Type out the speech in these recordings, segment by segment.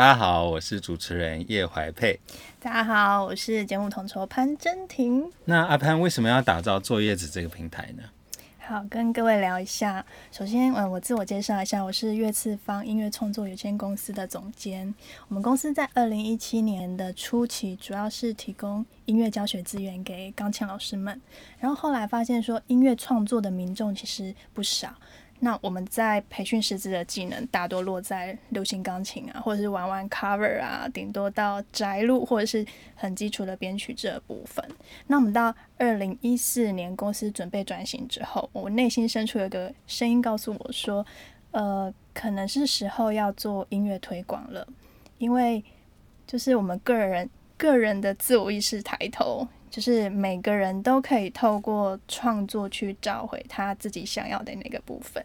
大家好，我是主持人葉懷佩。大家好，我是節目統籌潘甄婷。那阿潘為什麼要打造做樂子這個平台呢？好，跟各位聊一下。首先，嗯，我自我介紹一下，我是樂次方音樂創作有限公司的總監。我們公司在二零一七年的初期，主要是提供音樂教學資源給鋼琴老師們。然後後來發現說，音樂創作的民眾其實不少。那我們在培訓師資的技能，大多落在流行鋼琴啊，或者是玩玩 cover 啊，頂多到宅錄或者是很基礎的編曲這部分。那我們到二零一四年公司準備轉型之後，我內心深處有一個聲音告訴我說，呃，可能是時候要做音樂推廣了，因為就是我們個人個人的自我意識抬頭。就是每個人都可以透過創作去找回他自己想要的那個部分，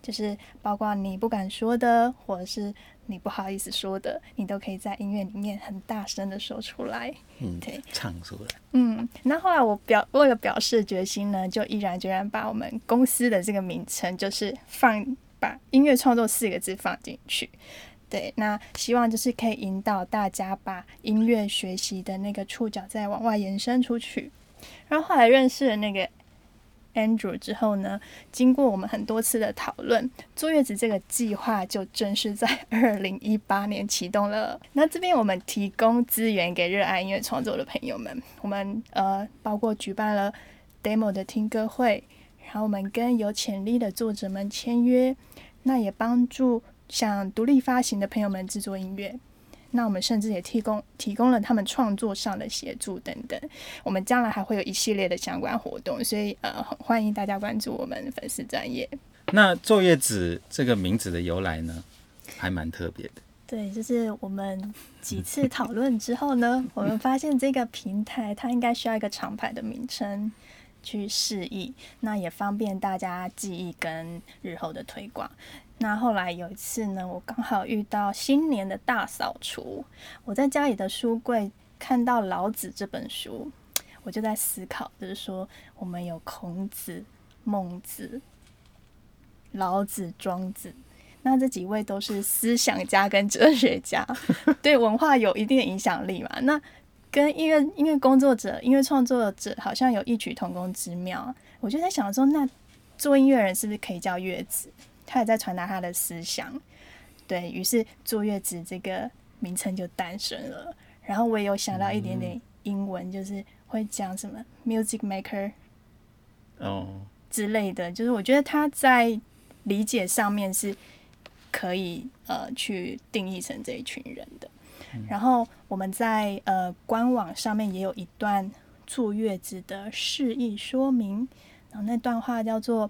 就是包括你不敢說的，或者是你不好意思說的，你都可以在音樂裡面很大聲的說出來，嗯、對，唱出來。嗯，那後來我表，為了表示決心呢，就毅然決然把我們公司的這個名稱，就是放，把音樂創作四個字放進去。對，那希望就是可以引導大家把音樂學習的那個觸角再往外延伸出去。然後後來認識了那個 Andrew 之後呢，經過我們很多次的討論，坐月子這個計劃就正式在二零一八年啟動了。那這邊我們提供資源給熱愛音樂創作的朋友們，我們呃包括舉辦了 demo 的聽歌會，然後我們跟有潛力的作者們簽約，那也幫助。像獨立發行的朋友們制作音樂，那我們甚至也提供提供了他們創作上的協助等等。我們將來還會有一系列的相關活動，所以呃，歡迎大家關注我們粉絲專頁。那做樂子這個名字的由來呢，還蠻特別的。對，就是我們幾次討論之後呢， 我們發現這個平台它應該需要一個長牌的名稱去示意，那也方便大家記憶跟日後的推廣。那後來有一次呢，我剛好遇到新年的大掃除，我在家裡的書櫃看到《老子》這本書，我就在思考，就是說我們有孔子、孟子、老子、莊子，那這幾位都是思想家跟哲學家， 對文化有一定的影響力嘛。那跟音樂音樂工作者、音樂創作者好像有異曲同工之妙，我就在想說，那做音樂人是不是可以叫樂子？他也在傳達他的思想，對，於是坐月子這個名稱就誕生了。然後我也有想到一點點英文，嗯、就是會講什麼 “music maker” 哦之類的，哦、就是我覺得他在理解上面是可以呃去定義成這一群人的。嗯、然後我們在呃官網上面也有一段坐月子的釋義說明，然後那段話叫做，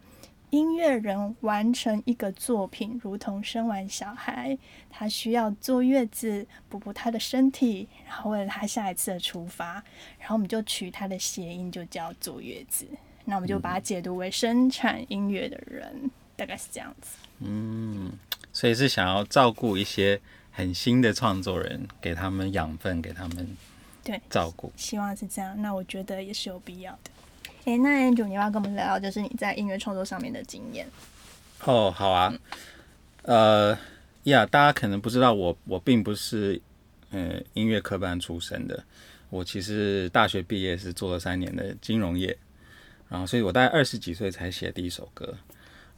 音樂人完成一個作品，如同生完小孩，他需要坐月子，補補他的身體，然後為了他下一次的出發，然後我們就取他的諧音，就叫做樂子。那我們就把它解讀為生產音樂的人，嗯，大概是這樣子。嗯，所以是想要照顧一些很新的創作人，給他們養分，給他們對照顧對，希望是這樣。那我覺得也是有必要的。哎，那 Andrew，你要不要跟我們聊聊，就是你在音樂創作上面的經驗。哦，oh, 好啊。呃，呀，大家可能不知道我，我並不是呃音樂科班出身的。我其實大學畢業是做了三年的金融業，然後所以我大概二十幾歲才寫第一首歌，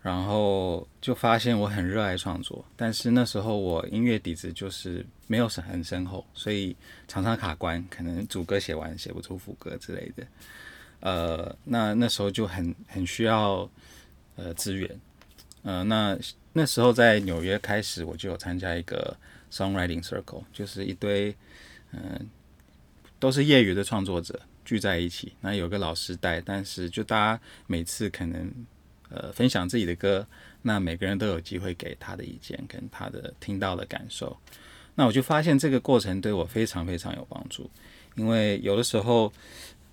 然後就發現我很熱愛創作，但是那時候我音樂底子就是沒有什麼很深厚，所以常常卡關，可能主歌寫完寫不出副歌之類的。呃，那那時候就很很需要呃資源，呃，那那時候在紐約開始我就有參加一個 songwriting circle，就是一堆嗯、呃、都是業餘的創作者聚在一起，那有個老師帶，但是就大家每次可能呃分享自己的歌，那每個人都有機會給他的意見跟他的聽到的感受，那我就發現這個過程對我非常非常有幫助，因為有的時候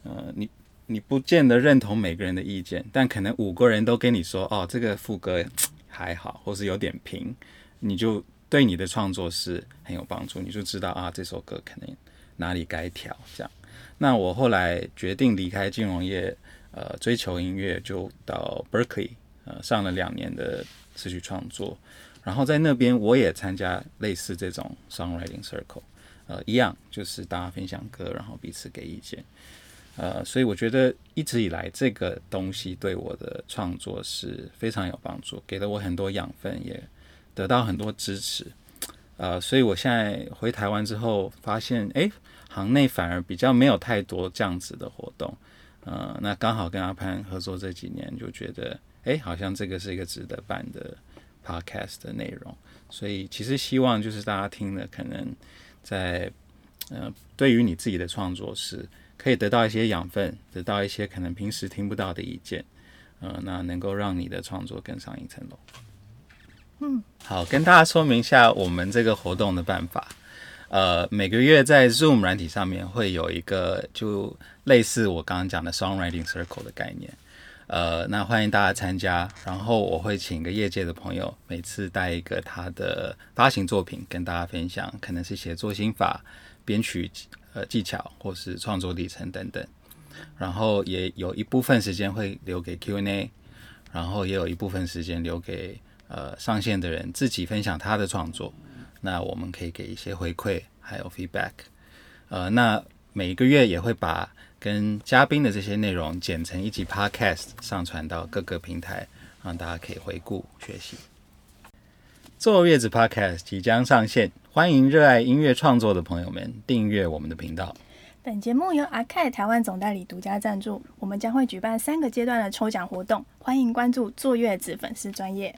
呃你。你不見得認同每個人的意見，但可能五個人都跟你說：“哦，這個副歌還好，或是有點平。”你就對你的創作是很有幫助，你就知道啊，這首歌可能哪裡該調這樣。那我後來決定離開金融業，呃，追求音樂，就到 Berkeley，呃，上了兩年的詞曲創作。然後在那邊，我也參加類似這種 Songwriting Circle，呃，一樣就是大家分享歌，然後彼此給意見。呃，所以我覺得一直以來這個東西對我的創作是非常有幫助，給了我很多養分，也得到很多支持。呃，所以我現在回台灣之後，發現哎，行內反而比較沒有太多這樣子的活動。呃，那剛好跟阿潘合作這幾年，就覺得哎，好像這個是一個值得辦的 Podcast 的內容。所以其實希望就是大家聽了，可能在呃，對於你自己的創作是。可以得到一些養分，得到一些可能平時聽不到的意見，嗯、呃，那能夠讓你的創作更上一層樓。嗯，好，跟大家說明一下我們這個活動的辦法。呃，每個月在 Zoom 軟體上面會有一個，就類似我剛剛講的 Songwriting Circle 的概念，呃，那歡迎大家參加。然後我會請一個業界的朋友，每次帶一個他的發行作品跟大家分享，可能是寫作心法、編曲。呃，技巧或是創作歷程等等，然後也有一部分時間會留給 Q&A，然後也有一部分時間留給呃上線的人自己分享他的創作，那我們可以給一些回饋還有 feedback。呃，那每一個月也會把跟嘉賓的這些內容剪成一集 podcast 上傳到各個平台，讓大家可以回顧學習。做樂子 Podcast 即將上線，歡迎熱愛音樂創作的朋友們訂閱我們的頻道。本節目由 AKAI 台灣總代理獨家贊助，我們將會舉辦三個階段的抽獎活動，歡迎關注做樂子粉絲專頁。